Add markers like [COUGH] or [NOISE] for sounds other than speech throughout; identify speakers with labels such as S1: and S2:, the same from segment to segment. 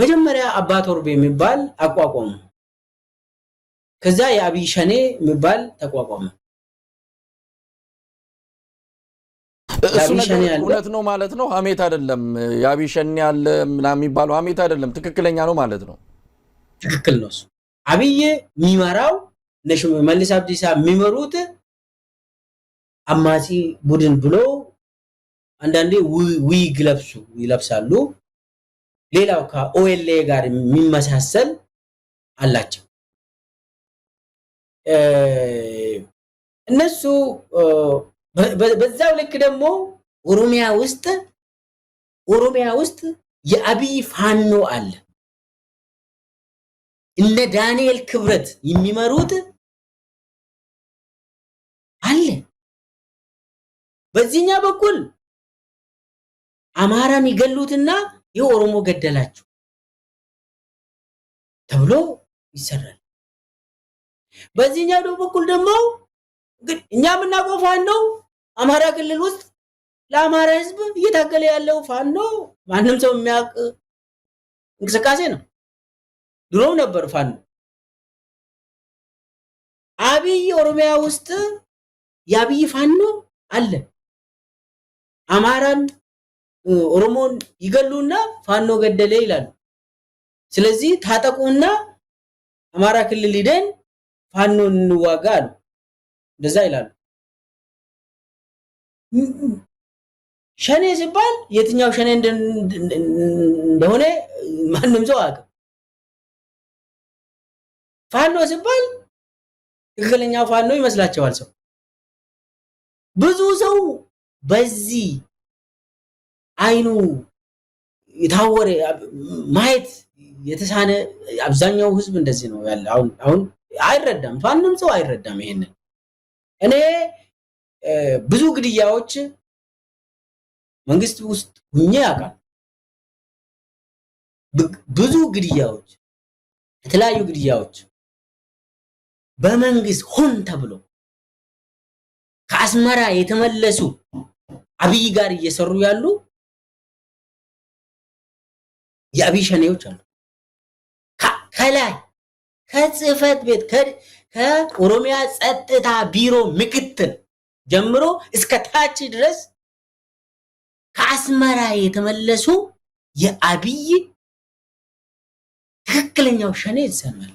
S1: መጀመሪያ አባ ቶርቤ የሚባል አቋቋሙ። ከዛ የአብይ ሸኔ የሚባል ተቋቋመ።
S2: እሱ ነገር እውነት ነው ማለት ነው፣ ሀሜት አይደለም። የአብይ ሸኔ አለ ምናምን የሚባለው ሀሜት አይደለም፣ ትክክለኛ ነው ማለት ነው።
S1: ትክክል ነው። አብይ የሚመራው መልስ አብዲሳ የሚመሩት አማጺ ቡድን ብሎ አንዳንዴ ዊግ ለብሱ ይለብሳሉ ሌላው ከኦኤልኤ ጋር የሚመሳሰል አላቸው። እነሱ በዛው ልክ ደግሞ ኦሮሚያ ውስጥ ኦሮሚያ ውስጥ የአብይ ፋኖ አለ። እነ ዳንኤል ክብረት የሚመሩት አለ። በዚህኛ በኩል አማራን ይገሉትና የኦሮሞ ገደላቸው ተብሎ ይሰራል። በዚህኛው በኩል ደግሞ እኛ የምናውቀው ፋኖ አማራ ክልል ውስጥ ለአማራ ሕዝብ እየታገለ ያለው ፋኖ ማንም ሰው የሚያውቅ እንቅስቃሴ ነው። ድሮም ነበር ፋኖ። አብይ ኦሮሚያ ውስጥ የአብይ ፋኖ አለ። አማራን ኦሮሞን ይገሉና ፋኖ ገደለ ይላሉ። ስለዚህ ታጠቁና አማራ ክልል ሂደን ፋኖን እንዋጋ አሉ። እንደዛ ይላሉ። ሸኔ ሲባል የትኛው ሸኔ እንደሆነ ማንም ሰው አያውቅም። ፋኖ ሲባል ትክክለኛው ፋኖ ይመስላቸዋል ሰው ብዙ ሰው በዚህ አይኑ የታወረ ማየት የተሳነ አብዛኛው ህዝብ እንደዚህ ነው ያለ። አሁን አይረዳም፣ ማንም ሰው አይረዳም። ይሄንን እኔ ብዙ ግድያዎች መንግስት ውስጥ ሁኜ ያውቃል። ብዙ ግድያዎች፣ የተለያዩ ግድያዎች በመንግስት ሆን ተብሎ ከአስመራ የተመለሱ አብይ ጋር እየሰሩ ያሉ የአብይ ሸኔዎች አሉ። ከላይ ከጽህፈት ቤት ከኦሮሚያ ጸጥታ ቢሮ ምክትል ጀምሮ እስከ ታች ድረስ ከአስመራ የተመለሱ የአብይ ትክክለኛው ሸኔ ይዘመል።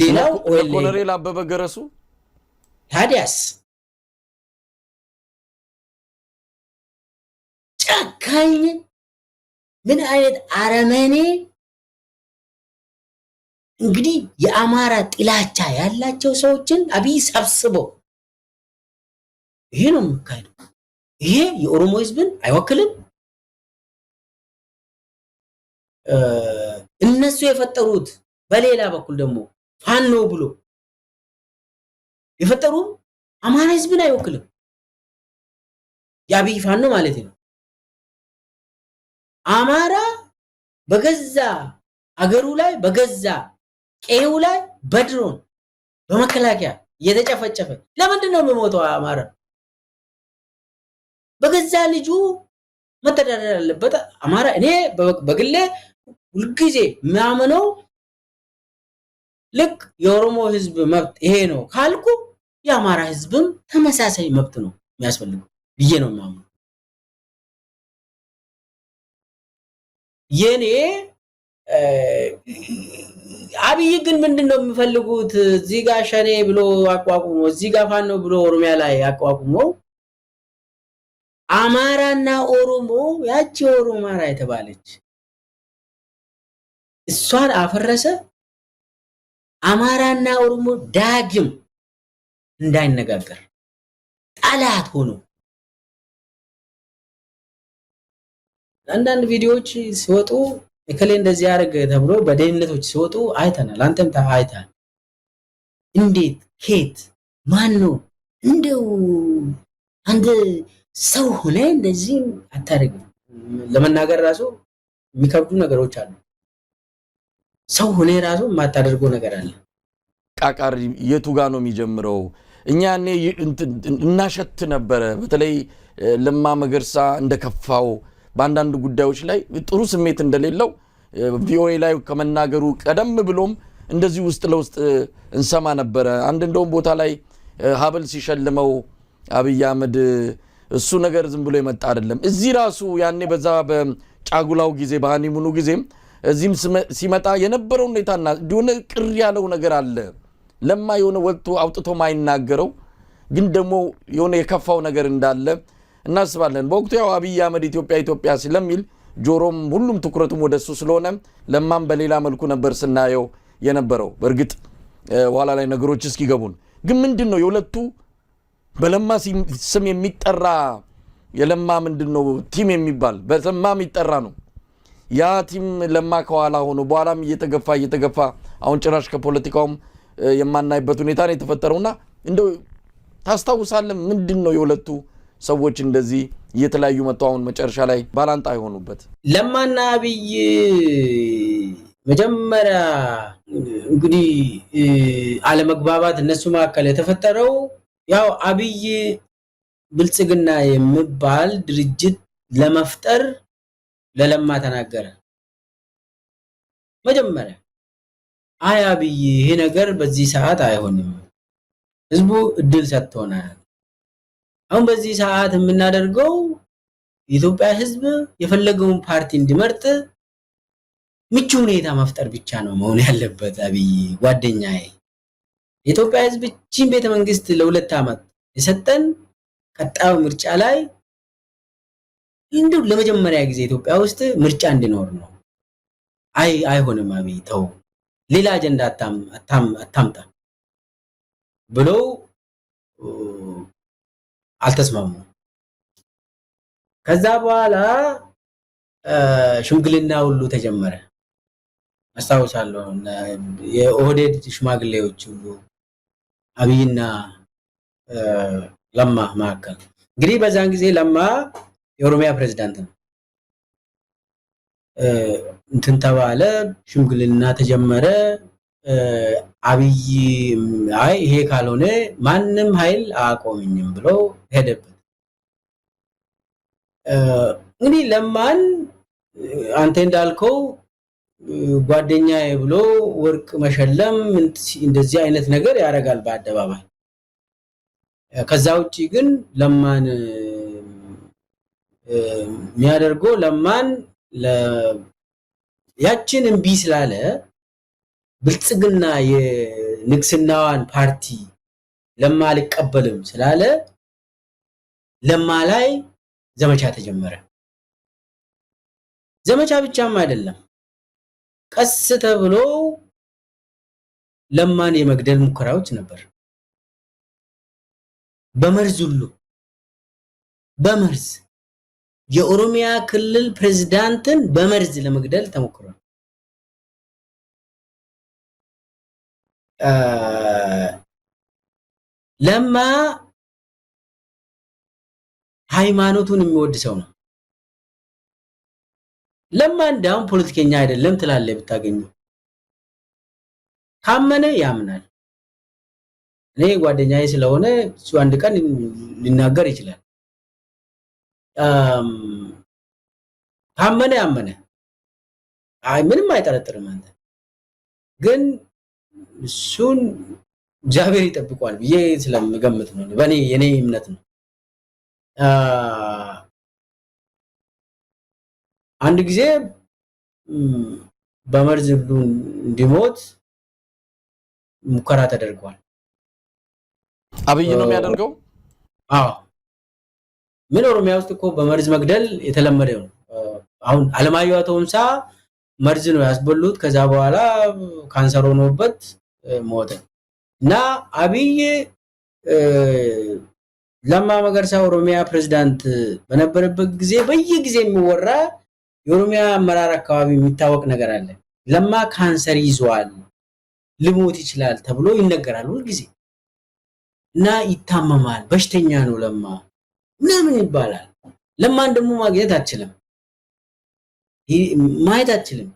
S1: ሌላው
S2: ኮሎኔል አበበ ገረሱ
S1: ታዲያስ ጨካኝ ምን አይነት አረመኔ እንግዲህ የአማራ ጥላቻ ያላቸው ሰዎችን አብይ ሰብስበው ይሄ ነው የሚካሄደው። ይሄ የኦሮሞ ህዝብን አይወክልም። እነሱ የፈጠሩት በሌላ በኩል ደግሞ ፋኖ ብሎ የፈጠሩ አማራ ህዝብን አይወክልም። የአብይ ፋኖ ማለት ነው። አማራ በገዛ አገሩ ላይ በገዛ ቀዬው ላይ በድሮን በመከላከያ እየተጨፈጨፈ ለምንድን ነው የሚሞተው? አማራ በገዛ ልጁ መተዳደር ያለበት አማራ። እኔ በግሌ ሁልጊዜ የሚያምነው ልክ የኦሮሞ ህዝብ መብት ይሄ ነው ካልኩ የአማራ ህዝብም ተመሳሳይ መብት ነው የሚያስፈልገው ብዬ ነው የሚያምነው። የኔ አብይ ግን ምንድን ነው የሚፈልጉት? እዚህ ጋ ሸኔ ብሎ አቋቁሞ እዚህ ጋ ፋኖ ብሎ ኦሮሚያ ላይ አቋቁሞ አማራና ኦሮሞ ያቺ ኦሮሞ አማራ የተባለች እሷን አፈረሰ። አማራና ኦሮሞ ዳግም እንዳይነጋገር ጠላት ሆኖ አንዳንድ ቪዲዮዎች ሲወጡ እከሌ እንደዚህ ያደርግ ተብሎ በደህንነቶች ሲወጡ አይተናል። አንተም አይተሃል። እንዴት ኬት ማን ነው እንደው አንድ ሰው ሆነ እንደዚህ አታደርግም። ለመናገር ራሱ የሚከብዱ ነገሮች አሉ። ሰው ሆነ ራሱ የማታደርገው ነገር አለ።
S2: ቃቃር የቱ ጋ ነው የሚጀምረው? እኛ እኔ እናሸት ነበረ። በተለይ ለማ መገርሳ እንደከፋው በአንዳንድ ጉዳዮች ላይ ጥሩ ስሜት እንደሌለው ቪኦኤ ላይ ከመናገሩ ቀደም ብሎም እንደዚህ ውስጥ ለውስጥ እንሰማ ነበረ። አንድ እንደውም ቦታ ላይ ሀብል ሲሸልመው አብይ አህመድ እሱ ነገር ዝም ብሎ የመጣ አይደለም። እዚህ ራሱ ያኔ በዛ በጫጉላው ጊዜ በሃኒሙኑ ጊዜም እዚህም ሲመጣ የነበረው ሁኔታና እንዲሆነ ቅር ያለው ነገር አለ። ለማ የሆነ ወቅቱ አውጥቶ ማይናገረው ግን ደግሞ የሆነ የከፋው ነገር እንዳለ እናስባለን። በወቅቱ ያው አብይ አህመድ ኢትዮጵያ ኢትዮጵያ ስለሚል ጆሮም ሁሉም ትኩረቱም ወደሱ ስለሆነ ለማም በሌላ መልኩ ነበር ስናየው የነበረው። በእርግጥ በኋላ ላይ ነገሮች እስኪገቡን ግን ምንድን ነው የሁለቱ በለማ ስም የሚጠራ የለማ ምንድን ነው ቲም የሚባል በለማ የሚጠራ ነው። ያ ቲም ለማ ከኋላ ሆኖ በኋላም እየተገፋ እየተገፋ አሁን ጭራሽ ከፖለቲካውም የማናይበት ሁኔታ ነው የተፈጠረውና እንደው ታስታውሳለን ምንድን ነው የሁለቱ ሰዎች እንደዚህ እየተለያዩ መጥተው አሁን መጨረሻ ላይ ባላንጣ የሆኑበት
S1: ለማና አብይ መጀመሪያ እንግዲህ አለመግባባት እነሱ መካከል የተፈጠረው ያው አብይ ብልጽግና የሚባል ድርጅት ለመፍጠር ለለማ ተናገረ። መጀመሪያ አይ አብይ ይሄ ነገር በዚህ ሰዓት አይሆንም፣ ህዝቡ እድል ሰጥቶናል አሁን በዚህ ሰዓት የምናደርገው የኢትዮጵያ ሕዝብ የፈለገውን ፓርቲ እንዲመርጥ ምቹ ሁኔታ መፍጠር ብቻ ነው መሆን ያለበት። አብይ ጓደኛዬ፣ የኢትዮጵያ ሕዝብ ይህችን ቤተ መንግስት ለሁለት ዓመት የሰጠን ቀጣዩ ምርጫ ላይ እንዲሁ ለመጀመሪያ ጊዜ ኢትዮጵያ ውስጥ ምርጫ እንዲኖር ነው። አይ አይሆንም፣ አብይ ተው፣ ሌላ አጀንዳ አታምጣ ብለው አልተስማሙም። ከዛ በኋላ ሽምግልና ሁሉ ተጀመረ። አስታውሳለሁ የኦህዴድ ሽማግሌዎች ሁሉ አብይና ለማ መካከል እንግዲህ በዛን ጊዜ ለማ የኦሮሚያ ፕሬዚዳንት ነው። እንትን ተባለ፣ ሽምግልና ተጀመረ። አብይ አይ ይሄ ካልሆነ ማንም ኃይል አቆምኝም ብሎ ሄደበት። እንግዲህ ለማን አንተ እንዳልከው ጓደኛ ብሎ ወርቅ መሸለም እንደዚህ አይነት ነገር ያደርጋል በአደባባይ። ከዛ ውጭ ግን ለማን የሚያደርገው ለማን ያችን እምቢ ስላለ ብልጽግና የንግስናዋን ፓርቲ ለማ አልቀበልም ስላለ ለማ ላይ ዘመቻ ተጀመረ። ዘመቻ ብቻም አይደለም፣ ቀስ ተብሎ ለማን የመግደል ሙከራዎች ነበር። በመርዝ ሁሉ በመርዝ የኦሮሚያ ክልል ፕሬዝዳንትን በመርዝ ለመግደል ተሞክሯል። ለማ ሃይማኖቱን የሚወድ ሰው ነው። ለማ እንዳውም ፖለቲከኛ አይደለም ትላለህ ብታገኙ። ካመነ ያምናል። እኔ ጓደኛዬ ስለሆነ እሱ አንድ ቀን ሊናገር ይችላል። ካመነ ያመነ፣ አይ ምንም አይጠረጥርም። አንተ ግን እሱን እግዚአብሔር ይጠብቋል ብዬ ስለምገምት ነው። በእኔ የኔ እምነት ነው። አንድ ጊዜ በመርዝ ሁሉ እንዲሞት ሙከራ ተደርጓል።
S2: አብይ ነው የሚያደርገው።
S1: አዎ ምን ኦሮሚያ ውስጥ እኮ በመርዝ መግደል የተለመደ ነው። አሁን አለማየሁ አቶምሳ መርዝ ነው ያስበሉት። ከዛ በኋላ ካንሰር ሆኖበት ሞተ እና አብይ ለማ መገርሳ ኦሮሚያ ፕሬዚዳንት በነበረበት ጊዜ በየጊዜ የሚወራ የኦሮሚያ አመራር አካባቢ የሚታወቅ ነገር አለ። ለማ ካንሰር ይዟል ልሞት ይችላል ተብሎ ይነገራል ሁልጊዜ እና ይታመማል፣ በሽተኛ ነው ለማ ምናምን ይባላል። ለማን ደግሞ ማግኘት አችልም ማየት አችልም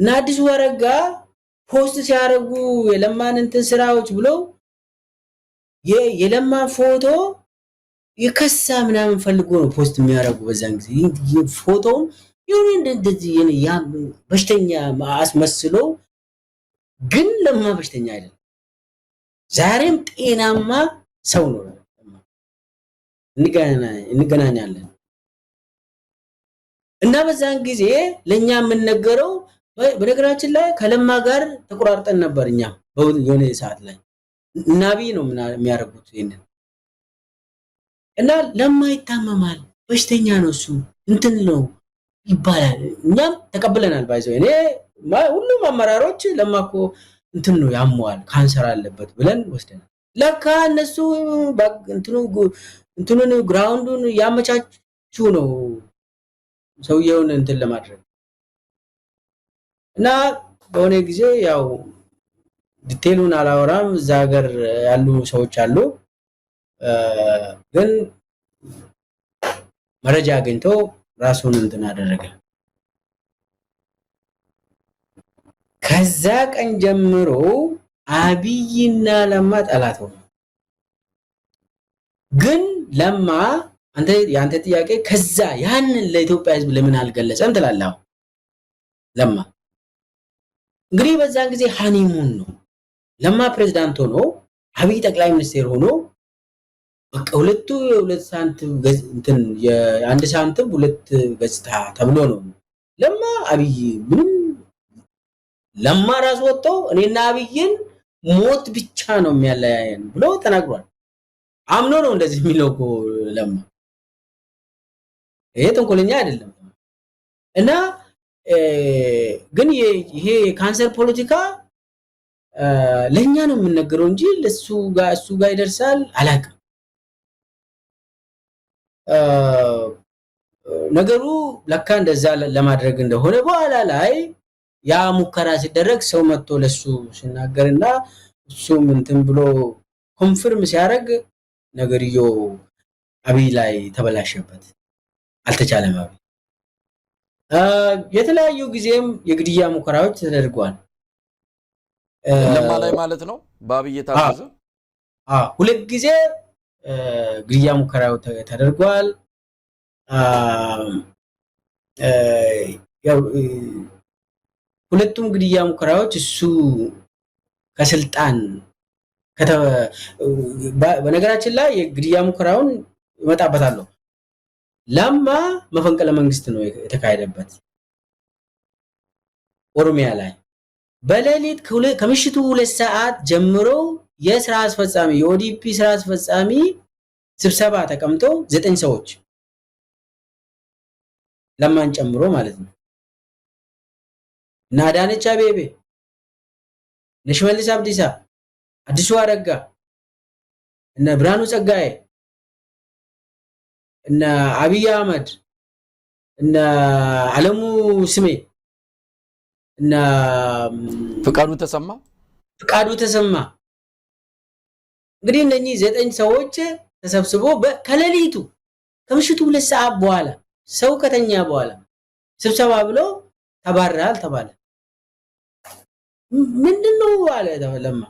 S1: እና አዲሱ አረጋ ፖስት ሲያደርጉ የለማን እንትን ስራዎች ብለው የለማን ፎቶ የከሳ ምናምን ፈልጎ ነው ፖስት የሚያደርጉ። በዛን ጊዜ ፎቶውን የሆነ እንደዚህ በሽተኛ አስመስሎ፣ ግን ለማ በሽተኛ አይደለም። ዛሬም ጤናማ ሰው ነው። እንገናኛለን እና በዛን ጊዜ ለእኛ የምንነገረው በነገራችን ላይ ከለማ ጋር ተቆራርጠን ነበር እኛ የሆነ ሰዓት ላይ ናቢ ነው የሚያደርጉት ይህንን እና ለማ ይታመማል፣ በሽተኛ ነው እሱ እንትን ነው ይባላል። እኛም ተቀብለናል። ባይዘ እኔ ሁሉም አመራሮች ለማ እኮ እንትን ነው ያመዋል፣ ካንሰር አለበት ብለን ወስደናል። ለካ እነሱ እንትኑን ግራውንዱን ያመቻቹ ነው ሰውየውን እንትን ለማድረግ እና በሆነ ጊዜ ያው ዲቴሉን አላወራም። እዛ ሀገር ያሉ ሰዎች አሉ፣ ግን መረጃ አግኝቶ ራሱን እንትን አደረገ። ከዛ ቀን ጀምሮ አብይና ለማ ጠላት ሆኑ። ግን ለማ የአንተ ጥያቄ ከዛ ያንን ለኢትዮጵያ ሕዝብ ለምን አልገለጸም ትላለህ ለማ እንግዲህ በዛን ጊዜ ሃኒሙን ነው። ለማ ፕሬዝዳንት ሆኖ አብይ ጠቅላይ ሚኒስቴር ሆኖ በቃ ሁለቱ የሁለት ሳንቲም እንትን የአንድ ሳንቲም ሁለት ገጽታ ተብሎ ነው። ለማ አብይ ምንም ለማ ራስ ወጥቶ እኔና አብይን ሞት ብቻ ነው የሚያለያየን ብሎ ተናግሯል። አምኖ ነው እንደዚህ የሚለው ለማ። ይሄ ተንኮለኛ አይደለም እና ግን ይሄ የካንሰር ፖለቲካ ለእኛ ነው የምንነገረው እንጂ ለሱ ጋር እሱ ጋር ይደርሳል አላውቅም። ነገሩ ለካ እንደዛ ለማድረግ እንደሆነ በኋላ ላይ ያ ሙከራ ሲደረግ ሰው መጥቶ ለሱ ሲናገር እና እሱም እንትን ብሎ ኮንፍርም ሲያደርግ ነገርዮ አብይ ላይ ተበላሸበት። አልተቻለም አብይ የተለያዩ ጊዜም የግድያ ሙከራዎች ተደርጓል።
S2: ለማ ላይ ማለት ነው። በአብይ ታዘዘ
S1: ሁለት ጊዜ ግድያ ሙከራው ተደርጓል። ሁለቱም ግድያ ሙከራዎች እሱ ከስልጣን በነገራችን ላይ የግድያ ሙከራውን እመጣበታለሁ ለማ መፈንቅለ መንግስት ነው የተካሄደበት ኦሮሚያ ላይ በሌሊት ከምሽቱ ሁለት ሰዓት ጀምሮ የስራ አስፈጻሚ የኦዲፒ ስራ አስፈጻሚ ስብሰባ ተቀምጦ ዘጠኝ ሰዎች ለማን ጨምሮ ማለት ነው እና አዳነች አቤቤ፣ ሽመልስ አብዲሳ፣ አዲሱ አረጋ እነ ብርሃኑ ጸጋዬ እነ አብይ አህመድ እነ አለሙ ስሜ እነ
S2: ፍቃዱ ተሰማ
S1: ፍቃዱ ተሰማ እንግዲህ እነኚህ ዘጠኝ ሰዎች ተሰብስቦ ከሌሊቱ ከምሽቱ ሁለት ሰዓት በኋላ ሰው ከተኛ በኋላ ስብሰባ ብሎ ተባረሃል ተባለ። ምንድን ነው አለ ለማ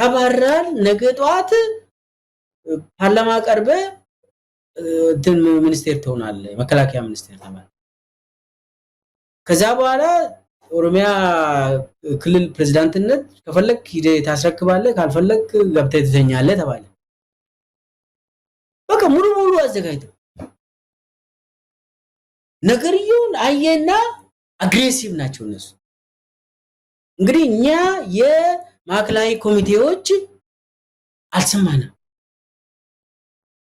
S1: ተባረሃል። ነገ ጠዋት ፓርላማ ቀርበ እንትን ሚኒስቴር ትሆናለ መከላከያ ሚኒስቴር ተባለ። ከዛ በኋላ ኦሮሚያ ክልል ፕሬዚዳንትነት ከፈለግ ሂደ ታስረክባለ፣ ካልፈለግ ገብተህ ትተኛለህ ተባለ። በቃ ሙሉ ሙሉ አዘጋጅተው ነገርየውን አየና አግሬሲቭ ናቸው እነሱ። እንግዲህ እኛ የማዕከላዊ ኮሚቴዎች አልሰማንም።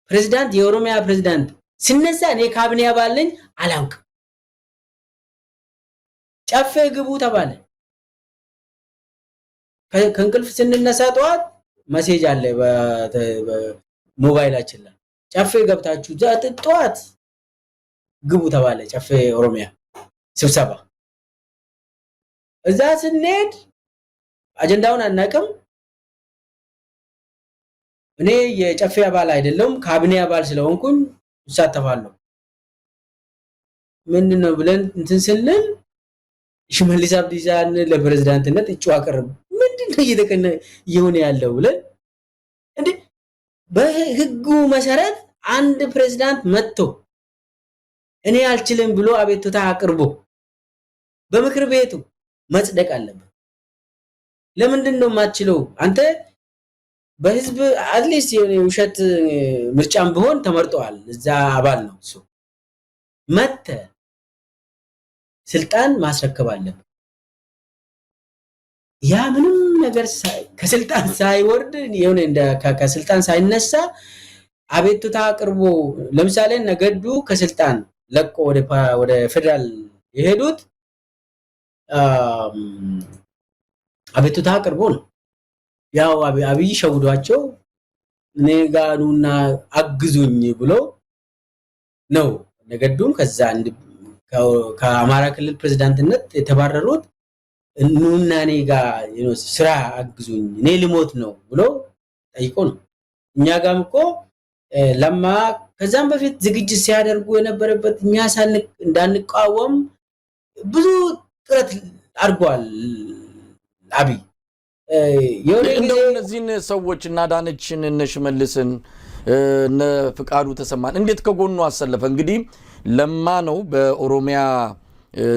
S1: ፕሬዚዳንት የኦሮሚያ ፕሬዚዳንት ሲነሳ እኔ ካቢኔ አባል ነኝ አላውቅም። ጨፌ ግቡ ተባለ። ከእንቅልፍ ስንነሳ ጠዋት መሴጅ አለ በሞባይላችን ላይ ጨፌ ገብታችሁ ጠዋት ግቡ ተባለ። ጨፌ ኦሮሚያ ስብሰባ እዛ ስንሄድ አጀንዳውን አናውቅም። እኔ የጨፌ አባል አይደለም ካቢኔ አባል ስለሆንኩኝ ይሳተፋለሁ። ምንድን ነው ብለን እንትን ስንል ሽመልስ አብዲሳን ለፕሬዝዳንትነት እጩ አቀርብ ምንድን ነው እየተቀነ እየሆነ ያለው ብለን እንዴ፣ በህጉ መሰረት አንድ ፕሬዝዳንት መጥቶ እኔ አልችልም ብሎ አቤቱታ አቅርቦ በምክር ቤቱ መጽደቅ አለበት። ለምንድን ነው የማትችለው አንተ በህዝብ አትሊስት የሆነ ውሸት ምርጫም ቢሆን ተመርጠዋል። እዛ አባል ነው እሱ። መተ ስልጣን ማስረከብ አለብን። ያ ምንም ነገር ከስልጣን ሳይወርድ የሆነ ከስልጣን ሳይነሳ አቤቱታ አቅርቦ ለምሳሌ ነገዱ ከስልጣን ለቆ ወደ ፌደራል የሄዱት አቤቱታ አቅርቦ ነው። ያው አብይ ሸውዷቸው እኔ ጋር ኑና አግዙኝ ብሎ ነው ነገዱም ከዛ ከአማራ ክልል ፕሬዝዳንትነት የተባረሩት ኑና እኔ ጋር ስራ አግዙኝ እኔ ልሞት ነው ብሎ ጠይቆ ነው። እኛ ጋም እኮ ለማ ከዛም በፊት ዝግጅት ሲያደርጉ የነበረበት እኛ እንዳንቃወም ብዙ ጥረት አድርጓል አብይ
S2: እንደው እነዚህን ሰዎች እና ዳነችን እነ ሽመልስን እነ ፍቃዱ ተሰማን እንዴት ከጎኑ አሰለፈ? እንግዲህ ለማ ነው በኦሮሚያ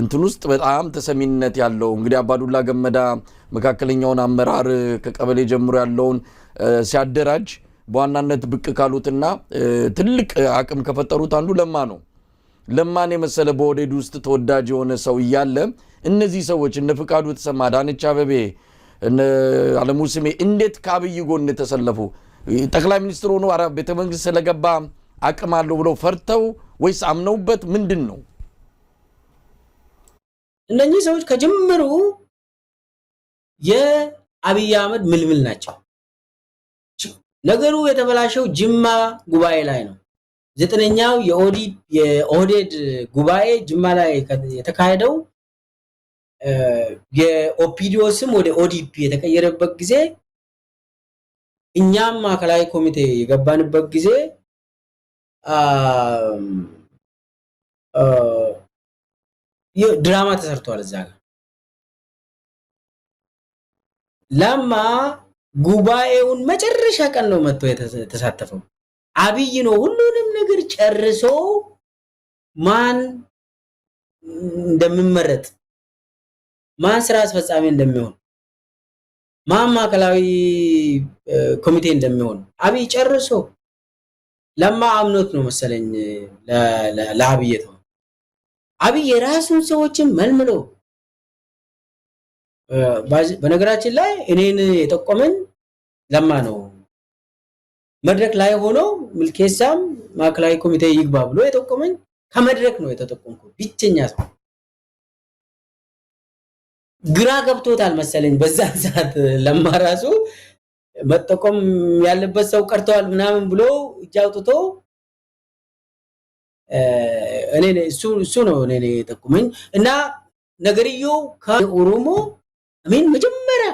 S2: እንትን ውስጥ በጣም ተሰሚነት ያለው እንግዲህ አባዱላ ገመዳ መካከለኛውን አመራር ከቀበሌ ጀምሮ ያለውን ሲያደራጅ በዋናነት ብቅ ካሉትና ትልቅ አቅም ከፈጠሩት አንዱ ለማ ነው። ለማን የመሰለ በወደድ ውስጥ ተወዳጅ የሆነ ሰው እያለ እነዚህ ሰዎች እነ ፍቃዱ ተሰማ፣ ዳነች አበቤ አለሙ ስሜ እንዴት ከአብይ ጎን ተሰለፉ? ጠቅላይ ሚኒስትር ሆኖ ቤተ መንግስት ስለገባ አቅም አለው ብለው ፈርተው ወይስ አምነውበት ምንድን ነው?
S1: እነኚህ ሰዎች ከጀመሩ የአብይ አህመድ ምልምል ናቸው። ነገሩ የተበላሸው ጅማ ጉባኤ ላይ ነው። ዘጠነኛው የኦህዴድ ጉባኤ ጅማ ላይ የተካሄደው የኦፒዲዮ ስም ወደ ኦዲፒ የተቀየረበት ጊዜ እኛም ማዕከላዊ ኮሚቴ የገባንበት ጊዜ ድራማ ተሰርቷል። እዛ ጋር ለማ ጉባኤውን መጨረሻ ቀን ነው መጥቶ የተሳተፈው። አብይ ነው ሁሉንም ነገር ጨርሶ ማን እንደምመረጥ ማን ስራ አስፈጻሚ እንደሚሆን ማን ማዕከላዊ ኮሚቴ እንደሚሆን አብይ ጨርሶ ለማ አምኖት ነው መሰለኝ ለአብይ ተው አብይ የራሱን ሰዎችን መልምሎ በነገራችን ላይ እኔን የጠቆመን ለማ ነው። መድረክ ላይ ሆኖ ምልኬሳም ማዕከላዊ ኮሚቴ ይግባ ብሎ የጠቆመኝ ከመድረክ ነው የተጠቆምኩ ብቸኛ ሰው። ግራ ገብቶታል መሰለኝ። በዛን [LAUGHS] ሰዓት ለማ ራሱ መጠቆም ያለበት ሰው ቀርተዋል ምናምን ብሎ እጅ አውጥቶ እኔ እሱ ነው እኔ የጠቁመኝ እና ነገርየው ከኦሮሞ ሚን መጀመሪያ